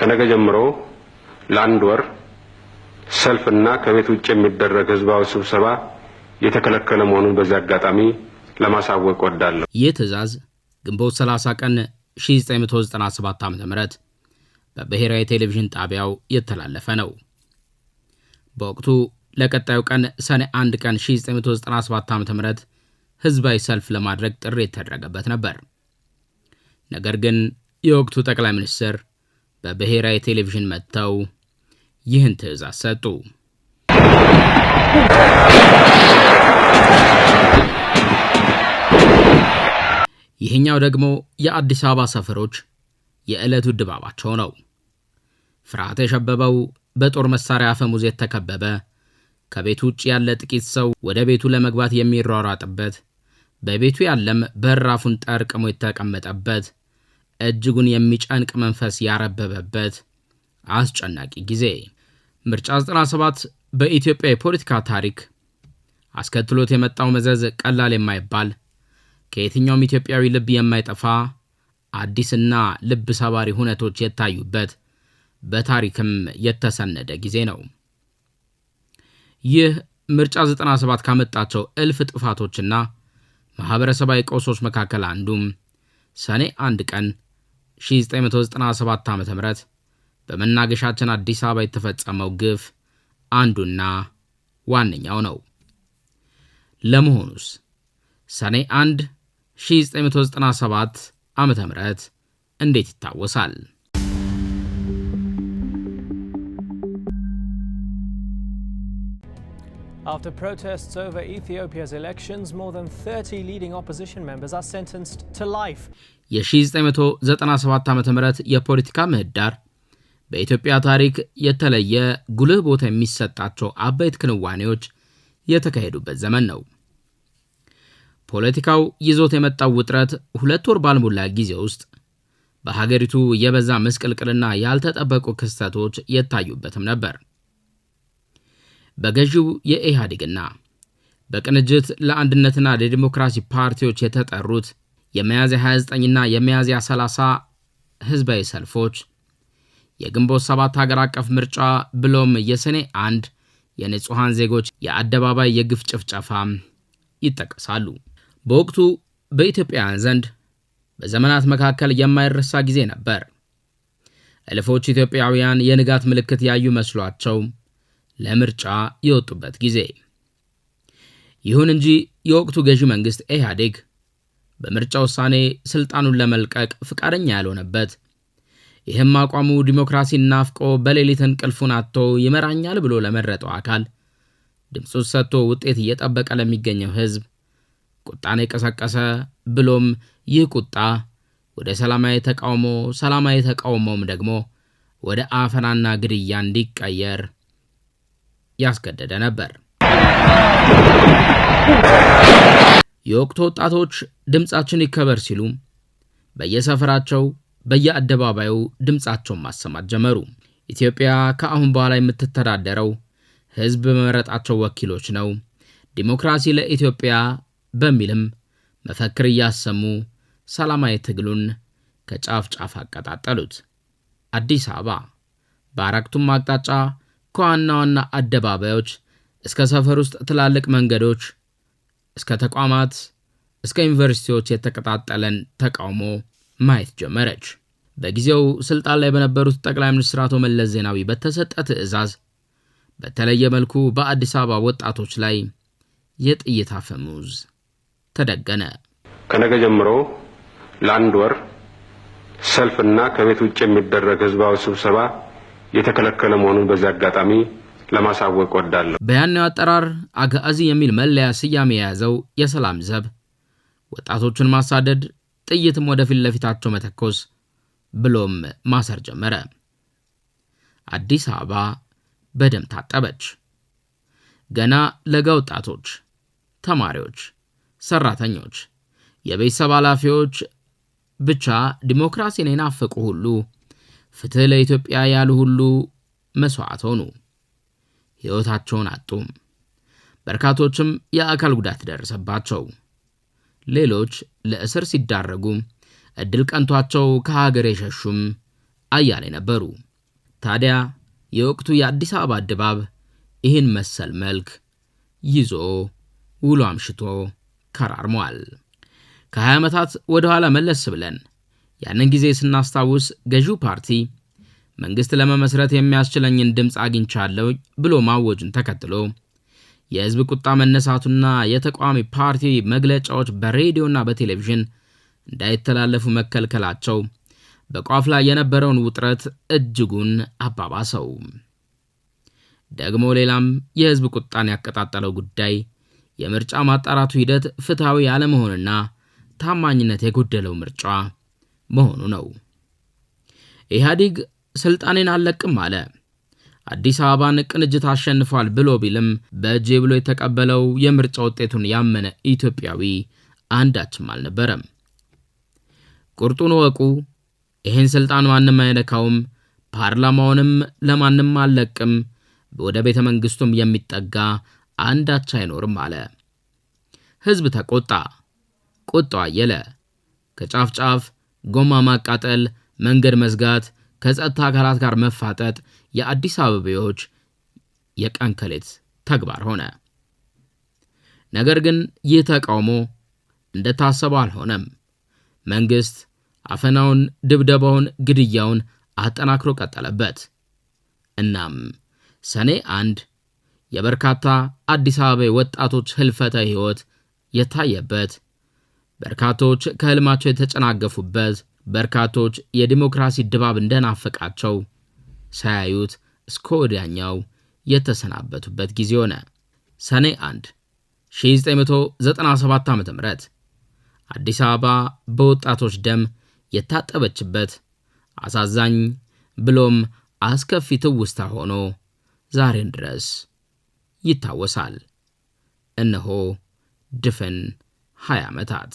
ከነገ ጀምሮ ለአንድ ወር ሰልፍና ከቤት ውጭ የሚደረግ ህዝባዊ ስብሰባ የተከለከለ መሆኑን በዚህ አጋጣሚ ለማሳወቅ ወዳለሁ። ይህ ትዕዛዝ ግንቦት 30 ቀን 1997 ዓ ም በብሔራዊ ቴሌቪዥን ጣቢያው የተላለፈ ነው። በወቅቱ ለቀጣዩ ቀን ሰኔ 1 ቀን 1997 ዓ ም ህዝባዊ ሰልፍ ለማድረግ ጥሪ የተደረገበት ነበር። ነገር ግን የወቅቱ ጠቅላይ ሚኒስትር በብሔራዊ ቴሌቪዥን መጥተው ይህን ትዕዛዝ ሰጡ። ይህኛው ደግሞ የአዲስ አበባ ሰፈሮች የዕለቱ ድባባቸው ነው። ፍርሃት የሸበበው በጦር መሳሪያ አፈሙዝ የተከበበ ከቤቱ ውጭ ያለ ጥቂት ሰው ወደ ቤቱ ለመግባት የሚሯሯጥበት፣ በቤቱ ያለም በራፉን ጠርቅሞ የተቀመጠበት እጅጉን የሚጨንቅ መንፈስ ያረበበበት አስጨናቂ ጊዜ ምርጫ 97 በኢትዮጵያ የፖለቲካ ታሪክ አስከትሎት የመጣው መዘዝ ቀላል የማይባል ከየትኛውም ኢትዮጵያዊ ልብ የማይጠፋ አዲስና ልብ ሰባሪ ሁነቶች የታዩበት በታሪክም የተሰነደ ጊዜ ነው። ይህ ምርጫ 97 ካመጣቸው እልፍ ጥፋቶችና ማኅበረሰባዊ ቀውሶች መካከል አንዱም ሰኔ አንድ ቀን 1997 ዓ ም በመናገሻችን አዲስ አበባ የተፈጸመው ግፍ አንዱና ዋነኛው ነው። ለመሆኑስ ሰኔ 1 1997 ዓ ም እንዴት ይታወሳል? After protests over Ethiopia's elections, more than 30 leading opposition members are sentenced to life. የ1997 ዓ ም የፖለቲካ ምህዳር በኢትዮጵያ ታሪክ የተለየ ጉልህ ቦታ የሚሰጣቸው አበይት ክንዋኔዎች የተካሄዱበት ዘመን ነው። ፖለቲካው ይዞት የመጣው ውጥረት ሁለት ወር ባልሞላ ጊዜ ውስጥ በሀገሪቱ የበዛ ምስቅልቅልና ያልተጠበቁ ክስተቶች የታዩበትም ነበር። በገዢው የኢህአዴግና በቅንጅት ለአንድነትና ለዲሞክራሲ ፓርቲዎች የተጠሩት የሚያዝያ 29ና የሚያዝያ 30 ህዝባዊ ሰልፎች የግንቦት ሰባት ሀገር አቀፍ ምርጫ ብሎም የሰኔ አንድ የንጹሐን ዜጎች የአደባባይ የግፍ ጭፍጨፋም ይጠቀሳሉ። በወቅቱ በኢትዮጵያውያን ዘንድ በዘመናት መካከል የማይረሳ ጊዜ ነበር። እልፎች ኢትዮጵያውያን የንጋት ምልክት ያዩ መስሏቸው ለምርጫ የወጡበት ጊዜ። ይሁን እንጂ የወቅቱ ገዢ መንግሥት ኢህአዴግ በምርጫ ውሳኔ ሥልጣኑን ለመልቀቅ ፍቃደኛ ያልሆነበት ይህም አቋሙ ዲሞክራሲን ናፍቆ በሌሊት እንቅልፉን አጥቶ ይመራኛል ብሎ ለመረጠው አካል ድምፁን ሰጥቶ ውጤት እየጠበቀ ለሚገኘው ሕዝብ ቁጣን የቀሰቀሰ ብሎም ይህ ቁጣ ወደ ሰላማዊ ተቃውሞ፣ ሰላማዊ ተቃውሞም ደግሞ ወደ አፈናና ግድያ እንዲቀየር ያስገደደ ነበር። የወቅቱ ወጣቶች ድምፃችን ይከበር ሲሉ በየሰፈራቸው በየአደባባዩ ድምፃቸውን ማሰማት ጀመሩ። ኢትዮጵያ ከአሁን በኋላ የምትተዳደረው ሕዝብ በመረጣቸው ወኪሎች ነው፣ ዲሞክራሲ ለኢትዮጵያ በሚልም መፈክር እያሰሙ ሰላማዊ ትግሉን ከጫፍ ጫፍ አቀጣጠሉት። አዲስ አበባ በአራቱም አቅጣጫ ከዋና ዋና አደባባዮች እስከ ሰፈር ውስጥ ትላልቅ መንገዶች፣ እስከ ተቋማት፣ እስከ ዩኒቨርሲቲዎች የተቀጣጠለን ተቃውሞ ማየት ጀመረች። በጊዜው ስልጣን ላይ በነበሩት ጠቅላይ ሚኒስትር አቶ መለስ ዜናዊ በተሰጠ ትዕዛዝ በተለየ መልኩ በአዲስ አበባ ወጣቶች ላይ የጥይት አፈሙዝ ተደገነ። ከነገ ጀምሮ ለአንድ ወር ሰልፍና ከቤት ውጭ የሚደረግ ህዝባዊ ስብሰባ የተከለከለ መሆኑን በዚህ አጋጣሚ ለማሳወቅ ወዳለሁ። በያኔው አጠራር አጋዚ የሚል መለያ ስያሜ የያዘው የሰላም ዘብ ወጣቶቹን ማሳደድ፣ ጥይትም ወደፊት ለፊታቸው መተኮስ ብሎም ማሰር ጀመረ። አዲስ አበባ በደም ታጠበች። ገና ለጋ ወጣቶች፣ ተማሪዎች፣ ሰራተኞች፣ የቤተሰብ ኃላፊዎች ብቻ ዲሞክራሲን የናፈቁ ሁሉ ፍትህ ለኢትዮጵያ ያሉ ሁሉ መሥዋዕት ሆኑ፣ ሕይወታቸውን አጡም። በርካቶችም የአካል ጉዳት ደረሰባቸው። ሌሎች ለእስር ሲዳረጉ ዕድል ቀንቷቸው ከሀገር የሸሹም አያሌ ነበሩ። ታዲያ የወቅቱ የአዲስ አበባ ድባብ ይህን መሰል መልክ ይዞ ውሎ አምሽቶ ከራርሟል። ከ20 ዓመታት ወደ ኋላ መለስ ብለን ያንን ጊዜ ስናስታውስ ገዢው ፓርቲ መንግሥት ለመመስረት የሚያስችለኝን ድምፅ አግኝቻለሁ ብሎ ማወጁን ተከትሎ የሕዝብ ቁጣ መነሳቱና የተቃዋሚ ፓርቲ መግለጫዎች በሬዲዮና በቴሌቪዥን እንዳይተላለፉ መከልከላቸው በቋፍ ላይ የነበረውን ውጥረት እጅጉን አባባሰው። ደግሞ ሌላም የሕዝብ ቁጣን ያቀጣጠለው ጉዳይ የምርጫ ማጣራቱ ሂደት ፍትሐዊ ያለመሆንና ታማኝነት የጎደለው ምርጫ መሆኑ ነው። ኢህአዴግ ስልጣኔን አልለቅም አለ። አዲስ አበባን ቅንጅት አሸንፏል ብሎ ቢልም በእጄ ብሎ የተቀበለው የምርጫ ውጤቱን ያመነ ኢትዮጵያዊ አንዳችም አልነበረም። ቁርጡን ወቁ፣ ይህን ስልጣን ማንም አይነካውም፣ ፓርላማውንም ለማንም አልለቅም፣ ወደ ቤተ መንግስቱም የሚጠጋ አንዳች አይኖርም አለ። ሕዝብ ተቆጣ፣ ቁጣው አየለ። ከጫፍ ጫፍ ጎማ ማቃጠል፣ መንገድ መዝጋት፣ ከጸጥታ አካላት ጋር መፋጠጥ የአዲስ አበባዎች የቀን ከሌት ተግባር ሆነ። ነገር ግን ይህ ተቃውሞ እንደታሰበው አልሆነም። መንግሥት አፈናውን፣ ድብደባውን፣ ግድያውን አጠናክሮ ቀጠለበት። እናም ሰኔ አንድ የበርካታ አዲስ አበባ ወጣቶች ህልፈተ ሕይወት የታየበት በርካቶች ከህልማቸው የተጨናገፉበት፣ በርካቶች የዲሞክራሲ ድባብ እንደናፈቃቸው ሳያዩት እስከ ወዲያኛው የተሰናበቱበት ጊዜ ሆነ። ሰኔ 1 1997 ዓ ም አዲስ አበባ በወጣቶች ደም የታጠበችበት አሳዛኝ ብሎም አስከፊ ትውስታ ሆኖ ዛሬን ድረስ ይታወሳል። እነሆ ድፍን 20 ዓመታት